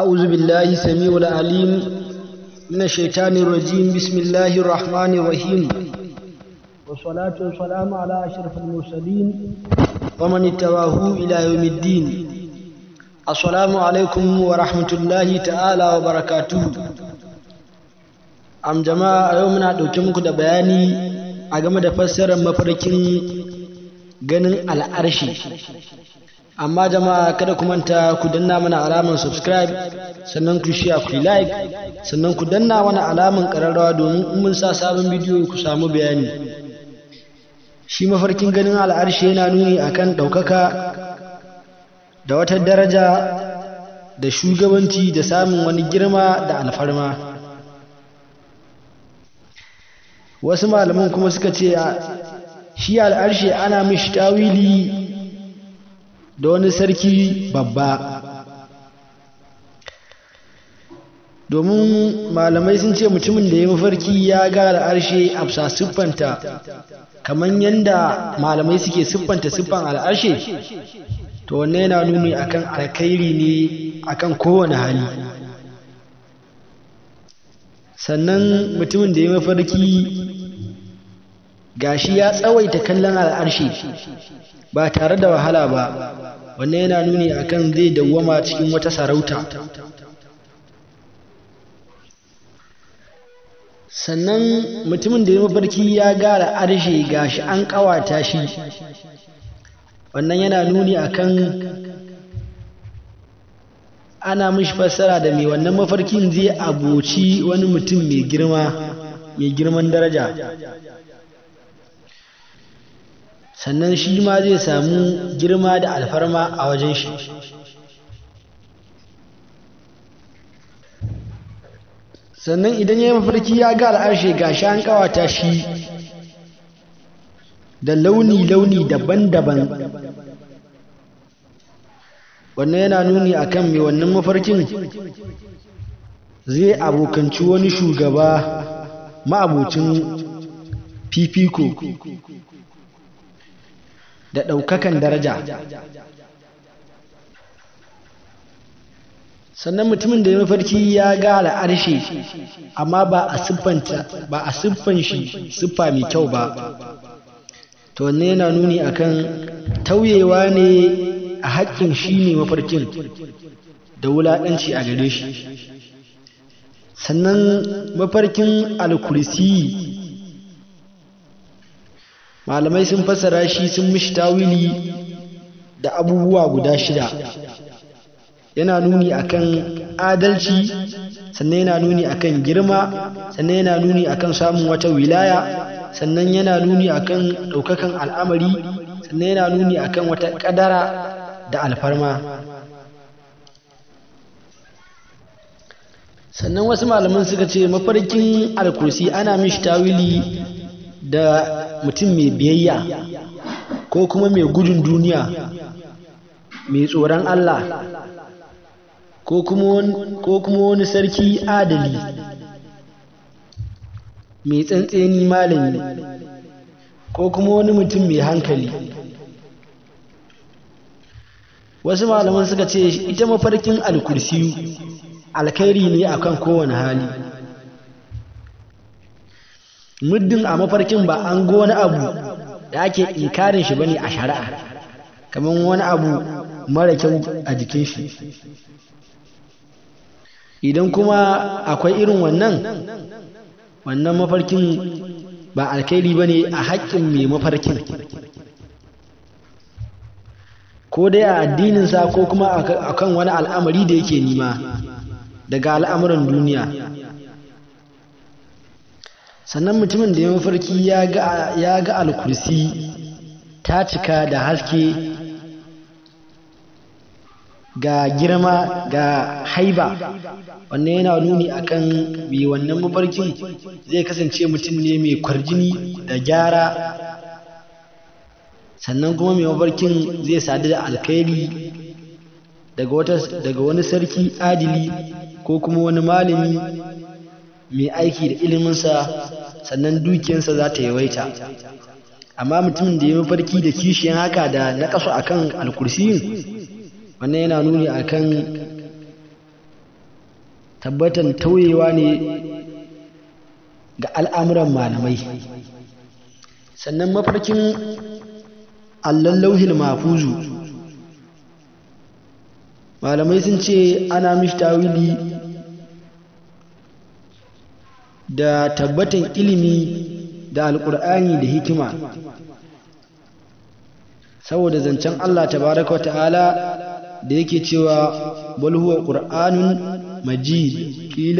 أعوذ بالله سميع العليم من الشيطان الرجيم بسم الله الرحمن الرحيم والصلاة والسلام على أشرف المرسلين ومن اتبعه إلى يوم الدين السلام عليكم ورحمة الله تعالى وبركاته أم جماعة a yau muna ɗauke muku da bayani a game amma jama'a kada ku manta ku danna mana alamar subscribe sannan ku share ku like sannan ku danna mana alamar kararrawa domin in mun sa sabon bidiyo ku samu bayani shi mafarkin ganin al'arshi yana nuni akan ɗaukaka da wata daraja da shugabanci da samun wani girma da alfarma wasu malaman kuma suka ce shi al'arshi ana mishi tawili da wani sarki babba domin malamai sun ce mutumin da ya mafarki ya gara arshe afsa siffanta kamar yadda malamai suke siffanta siffan al'arshe to wanne yana nuni akan alkhairi ne akan kowane hali sannan mutumin da ya mafarki gashi ya tsawaita kallon al'arshi ba tare da wahala ba wannan yana nuni akan zai dawwama cikin wata sarauta sannan mutumin da ya mafarki ya gara arshe gashi an kawata shi wannan yana nuni akan ana mishi fassara da mai wannan mafarkin zai aboci wani mutum mai girma mai girman daraja sannan shi ma zai samu girma da alfarma a wajen shi sannan idan ya yi mafarki ya ga al'arshe ga shi an kawata shi da launi-launi daban-daban wannan yana nuni a kan mai wannan mafarkin zai abokanci wani shugaba ma'abocin fifiko da ɗaukakan daraja sannan mutumin da ya mafarki ya ga al'arshe amma ba a siffanta ba a siffan shi siffa mai kyau ba to wannan yana nuni akan tauyewa ne a haƙƙin shi ne mafarkin da wulaɗanci a gare shi sannan mafarkin alkurisi malamai sun fassara shi sun mishi tawili da abubuwa guda shida yana nuni akan adalci sannan yana nuni akan girma sannan yana nuni akan samun wata wilaya sannan yana nuni akan ɗaukakan al'amari sannan yana nuni akan wata ƙadara da alfarma sannan wasu malaman suka ce mafarkin alkursi ana mishi tawili da mutum mai biyayya ko kuma mai gudun duniya mai tsoron Allah ko kuma wani sarki adali mai tsantseni malami ko kuma wani mutum mai hankali wasu malaman suka ce ita mafarkin alkursiyu alkhairi ne akan kowane hali muddin a mafarkin ba an go wani abu da ake inkarin shi bane a shari'a kamar wani abu mara kyau a jikin shi idan kuma akwai irin wannan wannan mafarkin ba alkhairi bane a haƙƙin mai mafarkin ko dai a addinin sa ko kuma akan wani al'amari da yake nima daga al'amuran duniya sannan mutumin da ya mafarki ya ga alkursi ta cika da haske ga girma ga haiba wannan yana nuni akan mai wannan mafarkin zai kasance mutum ne mai kwarjini da gyara sannan kuma mai mafarkin zai sadu da alkhairi daga wani sarki adili ko kuma wani malami mai aiki da iliminsa sannan dukiyarsa za ta yawaita amma mutumin da ya mafarki da kishiyan haka da na kasu akan alkursiyin wannan yana nuni akan tabbatan tauyewa ne ga al'amuran malamai sannan mafarkin allon lauhin mafuzu malamai sun ce ana mishi tawili da tabbatan ilimi da Alƙur'ani da hikima saboda zancen Allah tabaraka ta'ala da yake cewa bal huwa qur'anun majid fi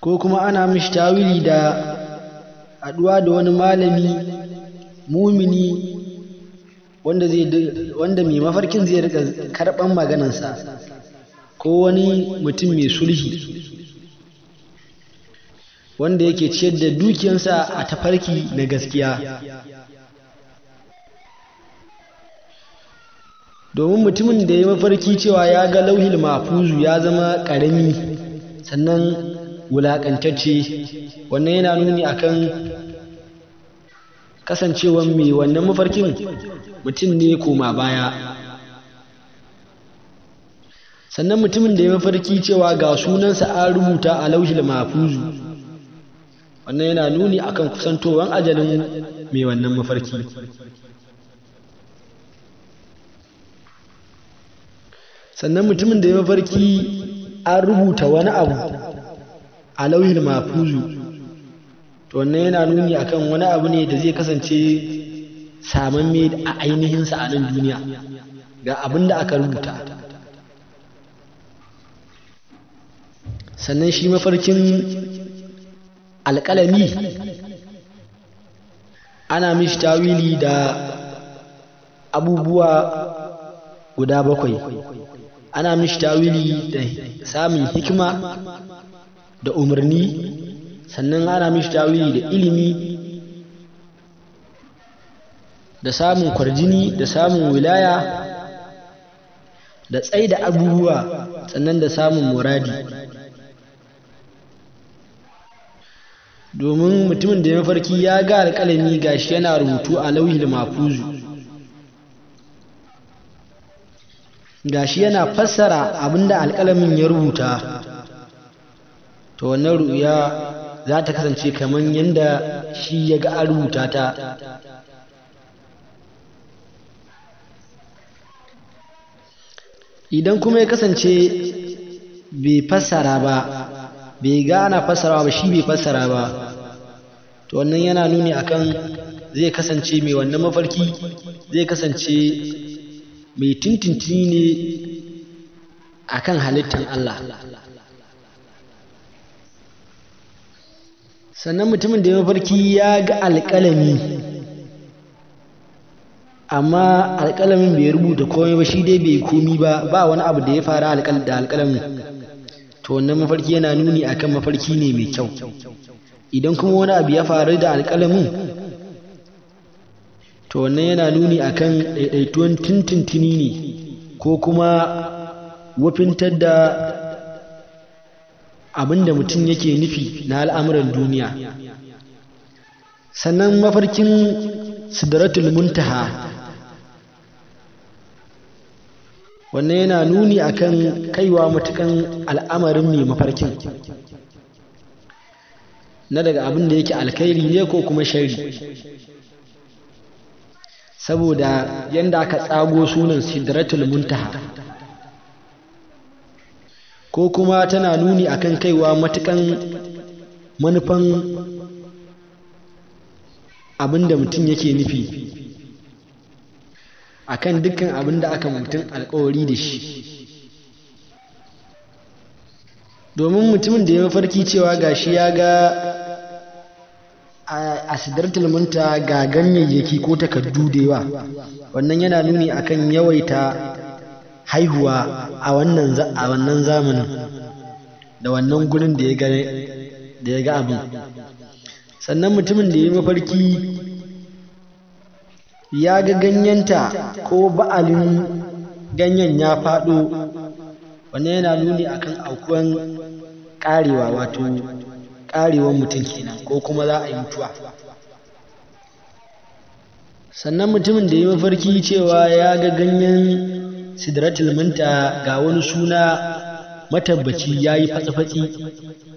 ko kuma ana mishi tawili da haɗuwa da wani malami mumini wanda zai wanda mai mafarkin zai rika karban maganansa ko wani mutum mai sulhi wanda yake ciyar da dukiyansa a tafarki na gaskiya domin mutumin da ya mafarki cewa ya ga lauhil mafuzu ya zama ƙarami sannan wulaƙantacce wannan yana nuni akan kasancewan mai wannan mafarkin mutum ne koma baya sannan mutumin da ya mafarki cewa ga sunansa an rubuta a laushil mafuzu wannan yana nuni akan kusantowan ajalin mai wannan mafarki sannan mutumin da ya mafarki an rubuta wani abu a lauhin mafuzu to wannan yana nuni akan wani abu ne da zai kasance saman samamme a ainihin sa a nan duniya ga abin da aka rubuta sannan shi mafarkin alƙalami ana mishi tawili da abubuwa guda bakwai ana mishi tawili da samun hikima da umarni sannan ana mishi tawili da ilimi da samun kwarjini da samun wilaya da tsaida abubuwa sannan da samun muradi domin mutumin da ya mafarki ya ga alƙalami gashi yana rubutu a da mafuzu gashi yana fassara abinda alƙalamin ya rubuta to wannan ru'ya za ta kasance kamar yadda shi ya ga an rubuta ta idan kuma ya kasance bai fassara ba bai gana fasara ba shi bai fassara ba to wannan yana nuni akan zai kasance mai wannan mafarki zai kasance mai tintinti ne akan halittar Allah sannan mutumin da ya mafarki ya ga alƙalami amma alƙalamin bai rubuta komai ba shi dai bai komi ba ba wani abu da ya fara da alƙalamin to wannan mafarki yana nuni akan mafarki ne mai kyau idan kuma wani abu ya faru da alƙalamin to wannan yana nuni akan ɗaiɗaituwan tuntuntuni ne ko kuma wafintar da abinda mutum yake nufi na al'amuran duniya sannan mafarkin sidratul muntaha wannan yana nuni akan kaiwa matukan al'amarin mai mafarkin na daga abin da yake alkhairi ne ko kuma shari saboda yadda aka tsago sunan sidratul muntaha ko kuma tana nuni a kan kaiwa matukan manufan abin da mutum yake nufi a kan dukkan abin da aka mutum alkawari da shi domin mutumin da ya farki cewa ga shi ya ga a sidartul munta ga ganyayyaki ko takardu da yawa wannan yana nuni akan yawaita haihuwa a wannan a wannan zamanin da wannan gurin da ya ga da ya abin sannan mutumin da ya yi mafarki ya ga ganyenta ko ba'alin ganyen ya faɗo wannan yana nuni akan aukuwan ƙarewa wato ƙarewan mutum kenan ko kuma za a yi mutuwa sannan mutumin da ya mafarki cewa ya ga ganyen sidratul manta ga wani suna matabbaci ya yi fatsi-fatsi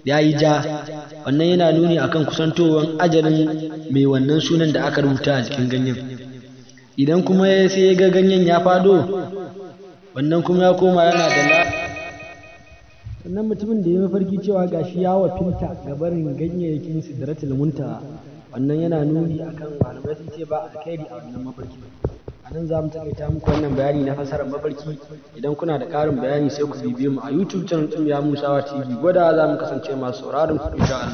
ya yi ja wannan yana nuni akan kusantowar ajalin mai wannan sunan da aka rubuta a jikin ganyen idan kuma ya sai ya ga ganyen ya fado wannan kuma ya koma yana da la wannan mutumin da ya mafarki cewa gashi ya wafinta ga barin ganyayyakin sidratul munta wannan yana nuni akan malamai sun ce ba alkhairi a wannan mafarki a nan za mu takaita muku wannan bayani na fasarar mafarki idan kuna da ƙarin bayani sai ku bibiyo mu a youtube channel ɗin ya musawa tv gwada za mu kasance masu sauraron ku insha